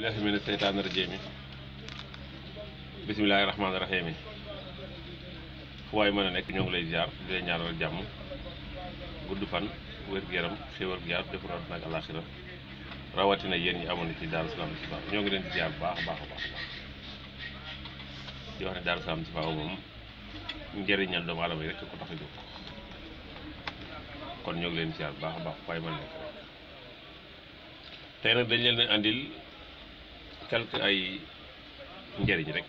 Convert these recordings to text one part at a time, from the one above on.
billahi mina seytaani rajiim bismillahi rahmaani rahiim fu waay mën a nekk ñoo ngi lay ziar di lay jàmm gudd fan wér-gu-yaram xéwal gu yaar def na nag àllaaxira rawatina yéen ñi amoon ci Daaru Salaam si faaw ñoo ngi leen di ziar baax a baax a baax di wax ne Daaru Salaam moom njëriñal doomu aadama yi rek ko tax a jóg kon ñoo ngi leen di bu baax a baax fu waay mën a nekk tey nag dañ leen andil quelque ay njëriñ rek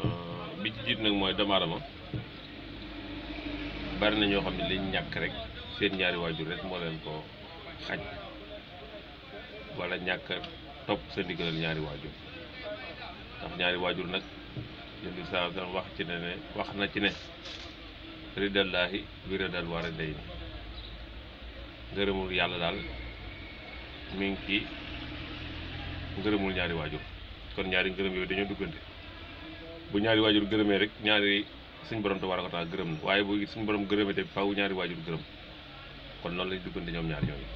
euh, bi ci jiit nag mooy doomu aadama bari na ñoo xam ne liñ ñàkk rek seen ñaari waajur rek moo leen ko xaj wala ñàkk topp sa ndigalal ñaari waajur ndax ñaari waajur nag yéen di saa seen wax ci ne ne wax na ci ne ridallaahi bi ridal war a day ngërëmul yàlla daal mi ngi ngërëmul ñaari waajur kon ñaari ngërëm yooyu dañoo duggante bu ñaari waajur gërëmee rek ñaari suñ borom tabaaraka wa taala gërëm na waaye bu suñ borom gërëmee te faaw ñaari waajur gërëm kon noonu lañ duggante ñoom ñaari ñooñu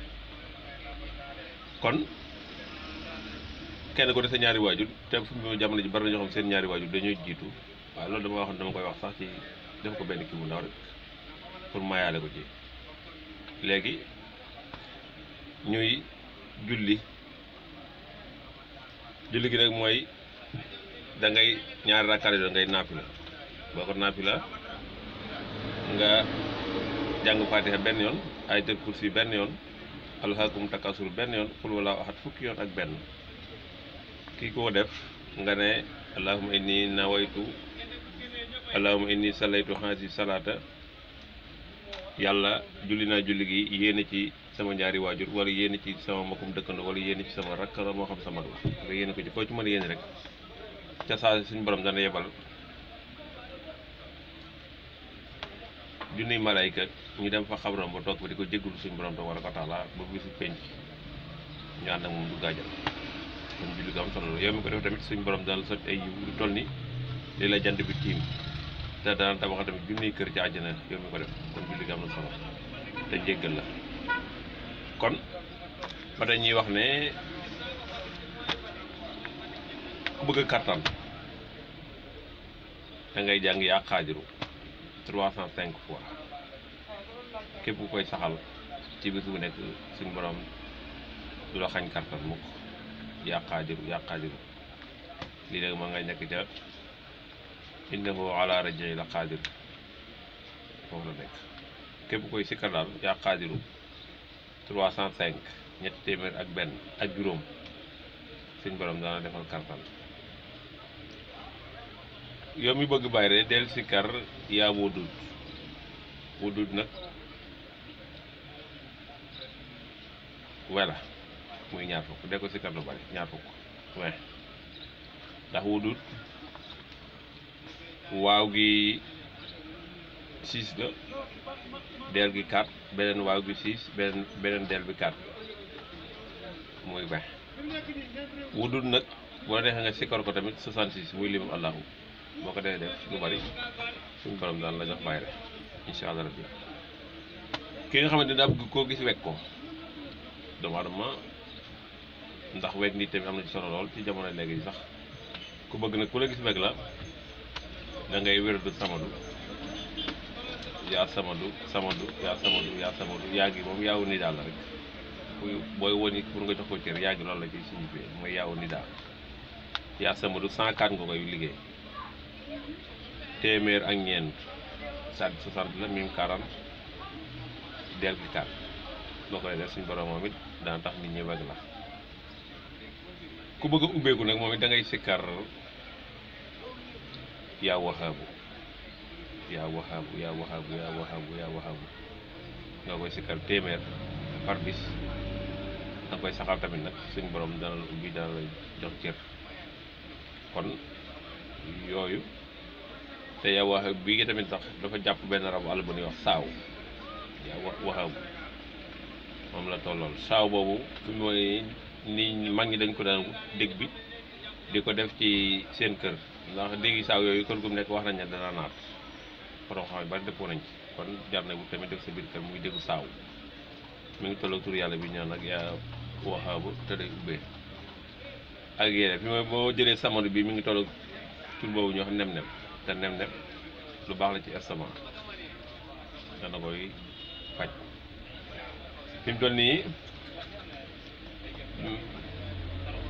kon kenn ko de sa ñaari waajur te fu mu jamono ji bari na ñoo xam seen ñaari waajur dañuy jiitu waaye loolu dama waxoon dama koy wax sax ci def ko benn kii bu ndaw rek pour maayaale ko ci léegi ñuy julli julli gi nag mooy da ngay ñaari rakkaat yi da ngay naafila boo ko naafila nga jàng fatiha benn yoon ayatul kursi benn yoon alhaakum takasur benn yoon xul wala waxat fukki yoon ak benn kii koo def nga ne allahuma inni nawaytu allahuma inni salaytu xaasi salaata yàlla julli naa julli gi yéene ci sama ñaari waajur wala yéen ci sama mbokkum dëkkandoo wala yéen ci sama rakk la moo xam sama mag la nga yéen ko ci koo ci mën a yéen rek ca saa suñu borom dana yebal junniy malayka ñu dem fa xabram ba toog fa di ko jégalu suñ borom tabaraka wa taala ba bisu penc ñu ànd ak moom du gaajal kon julli ko am def tamit suñu borom dana la ay yiw lu ni lii la jant bi tiim te dana tabax tamit junniy kër ci àjjana yow mi am na solo te jéggal la kon ba dañuy wax ne ku bëgg kattan da ngay jàng yaa xaajiru trois cent cinq fois képp ku koy saxal ci bis bu nekk suñu borom du la xañ kattan mukk yaa xaajiru yaa xaajiru lii nag ngay nekk ca innahu ala rajihi la xaajiru la nekk képp koy sikkar daal yaa xaajiru trois cent cinq ñetti téeméer ak benn ak juróom suñ borom dana defal kartan yow mi bëgg bàyyi rek del si kar yaa wudud wudud nag wela muy ñaar fukk de ko si lu bari ñaar fukk ndax wudud waaw gi 6 la del gi 4 beneen waaw gi 6 beneen beneen del bi 4 muy bax wudul nag boo neexee nga sikkar ko tamit 66 muy limam allahu boo ko dee def lu bari suñu borom daan la jox bàyyi rek incha ki nga xamante ne daa bëgg koo gis wekk ko doomu adama ndax wekk nit tamit am na ci solo lool ci jamono léegi sax ku bëgg nag ku la gis wekk la da ngay wér du samadu yaa sama samadu sama samadu yaa samadu yaa ngi moom yaawu ni daal la rek kuy booy woni pour nga jox ko cër yaa ngi loolu la ci signifié mooy yaawu ni daal yaa samadu 104 nga koy liggéey téeméer ak ñeent sàdd 60 la mim 40 del gi boo koy def suñu borom moom it daan tax nit ñi wegg la ku bëgg a ubbeeku nag moom it da ngay yaa waxaabu yaa waxaabu yaa waxaabu yaa waxaabu nga koy sikkar téeméer par bis nga koy saxal tamit nag suñ borom dana la ubbi dana jox cër kon yooyu te yaa waxaabu bii ngi tamit sax dafa jàpp benn rab àll bu ñuy wax saaw yaa wax waxaabu moom la tollool saaw boobu fi mooy ni mag ñi dañ ko daan dégg bi di ko def ci seen kër ndax déggi saaw yooyu kër gu nekk wax nañ ne dana naat borom-xam yu bari dëppoo nañ ci kon jar na mu tamit def sa biir kër muy déggu saaw mi ngi tolloog tur yàlla bi ñaan ak yaa waxaabu te day ubbee ak yeneen fi ma boo jëlee samadu bi mi ngi tolloog tur boobu ñoo xam nem-nem te nem-nem lu baax la ci estomac dana koy faj fi mu nii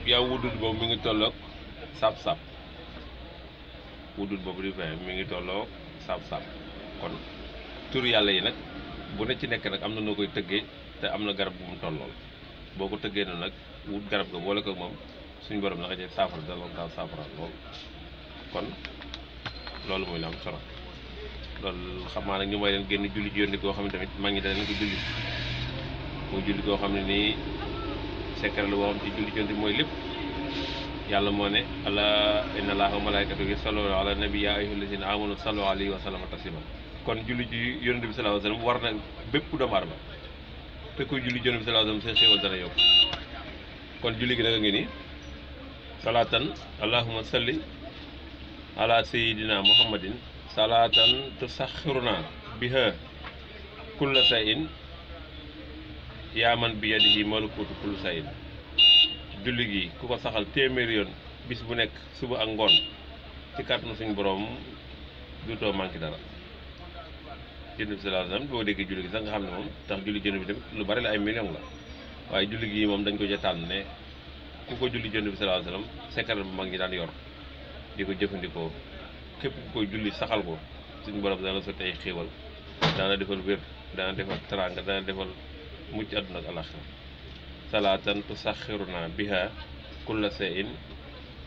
yaa wudut boobu mi ngi tollook sap-sap wudut boobu di fay mi ngi tolloog saab saab kon tur yàlla yi nag bu ne ci nekk nag am na noo koy tëggee te am na garab bu mu tollool boo ko tëggee noonu nag wut garab ga boole ko moom suñu borom naka jël saafara daloon daal saafara lool kon loolu mooy la am solo loolu xam naa nag ñu may leen génn julli yónni koo xam ne tamit maa ngi da leen ko julli muy julli koo xam ne nii sekkaral boo ci julli yónni mooy lépp yàlla moo ne ala inna allaha wa malaikatahu yusalluna ala nabi ya ayyuha allazina amanu sallu kon julli ji yonent bi sallallahu alayhi bépp doomu aadama te koy julli ji yonent bi sallallahu alayhi wa dana yokk kon julli gi nag ngi nii salaatan allahumma salli ala sayyidina muhammadin salaatan tusaxiruna biha kulla sayin yaa man bi yadihi malakutu kulli sayin julli gi ku ko saxal téeméer yoon bis bu nekk suba ak ngoon ci kàttanu suñu borom duutoo manqué dara jënd bi déggee julli gi sax nga xam ne moom tax julli jënd bi tamit lu bari la ay million la waaye julli gi moom dañ ko ca tànn ne ku ko julli jënd bi sallallahu alayhi wasallam secret bu daan yor di ko jëfandikoo képp ku koy julli saxal ko suñu borom dana sotti ay xéewal daana defal wér daana defal teraanga daana defal mucc àdduna ak alaxira salaatan tusaxiruna biha kulla sayin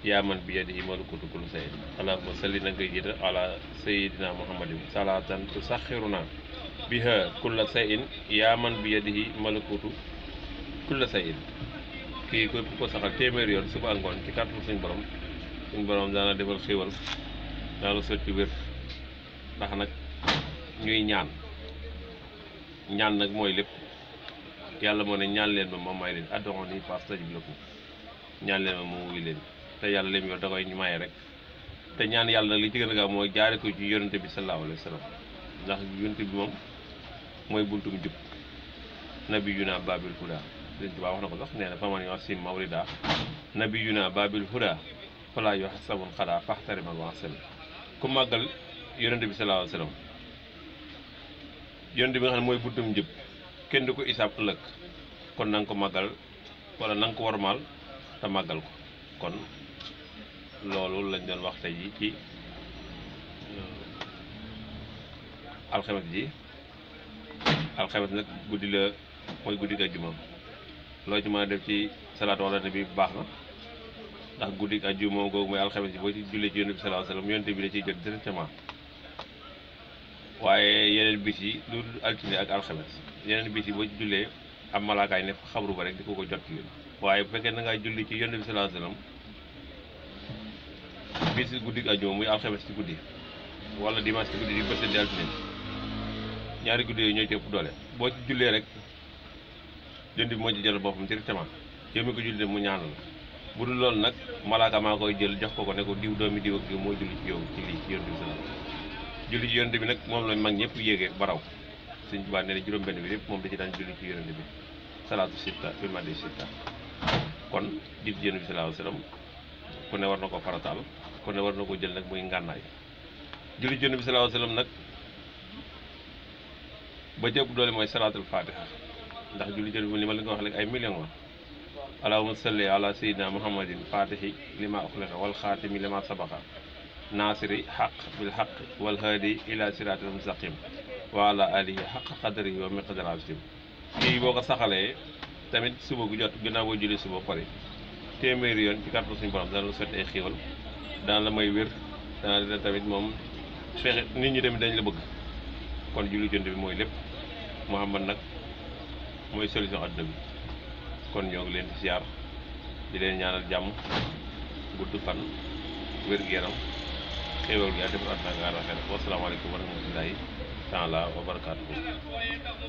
yaa man bi yadihi malakutu kulli sayin allahumma salli na nga jiital ala sayidina muhammadin salaatan tusaxiruna biha kulla sayin yaa man bi yadihi malakutu kulla sayin kii ko ko saxal téeméer yoon suba ngoon ci kàttan suñ borom suñ borom daana defal xéwal daana sotti wér ndax nag ñuy ñaan ñaan nag mooy lépp yàlla moo ne ñaan leen ma ma may leen ad'uuni astajib lakum ñaan leen ma ma wuyu leen te yàlla lim yor da maye rek te ñaan yàlla li ci gën a gaaw mooy jaare ko ci yonente bi sallallahu mooy buntum jub nabiyuna babil huda sëñ Tuubaa wax na ko sax nee faman yusim bi sallallahu alayhi wa sallam yonente kenn du ko isaab ëllëg kon na ko màggal wala na nga ko warmaal te màggal ko kon loolu lañ doon wax tey ji ci euh, alxames ji alxames nag guddi la mooy guddi ak ajuma loo ci mën a def ci salaatu wala nabi bu baax na ndax guddi ak ajuma googu mooy alxames ji boo ci jullee ci yonent bi sallallahu alayhi wasallam yonent bi da ciy jot directement waaye yeneen bis yi lu altine ak alxames yeneen bis yi boo jullee am malaakaay ne xabru ba rek di ko ko jot yi waaye bu fekkee da ngaa julli ci yonent bi sallallahu alayhi wasallam bis guddi ajuma muy alxames ci guddi wala di bëccëg di altine guddi ñooy ci doole boo ci rek jënd bi moo jël boppam directement yow mi ko mu ñaanal bu dul loolu nag malaaka maa koy jël jox ko ko ne diw doomi diw ak diw moo julli ci yow ci lii ci yonent bi sallallahu julli ci bi nag moom la mag ñëpp yéegee baraw sëñ Tuubaa nee na juróom-benn bi yëpp moom da ci daan julli ci yonent bi salaatu sitta fil madi sitta kon julli ci bi sallallahu alayhi wasallam ku ne war na ko farataal ku ne war na ko jël nag muy ngànnaay julli ci yonent bi sallallahu alayhi mooy salaatul ndax julli ci yonent bi li ma la wax léegi ay millions la allahumma salli ala sayyidina muhammadin naasiri xaq bil xaq wal haadi ila siraatil mustaqim wa ala alihi xaq xadari wa miqdar azim lii boo ko saxalee tamit suba gu jot ginnaaw boo julli suba pare téeméeri yoon ci kàttan suñu borom dana la sotti ay xiiwal dana la may wér dana la tamit moom fexe nit ñi tamit dañ la bëgg kon julli jënd bi mooy lépp Muhammad nag mooy solution àdduna bi kon ñoo leen di siyaar di leen ñaanal jàmm gudd fan wér-gu-yaram xéewal gi ak di mu ànd ak àllaxira wasalaamaaleykum wa rahmatullahi taala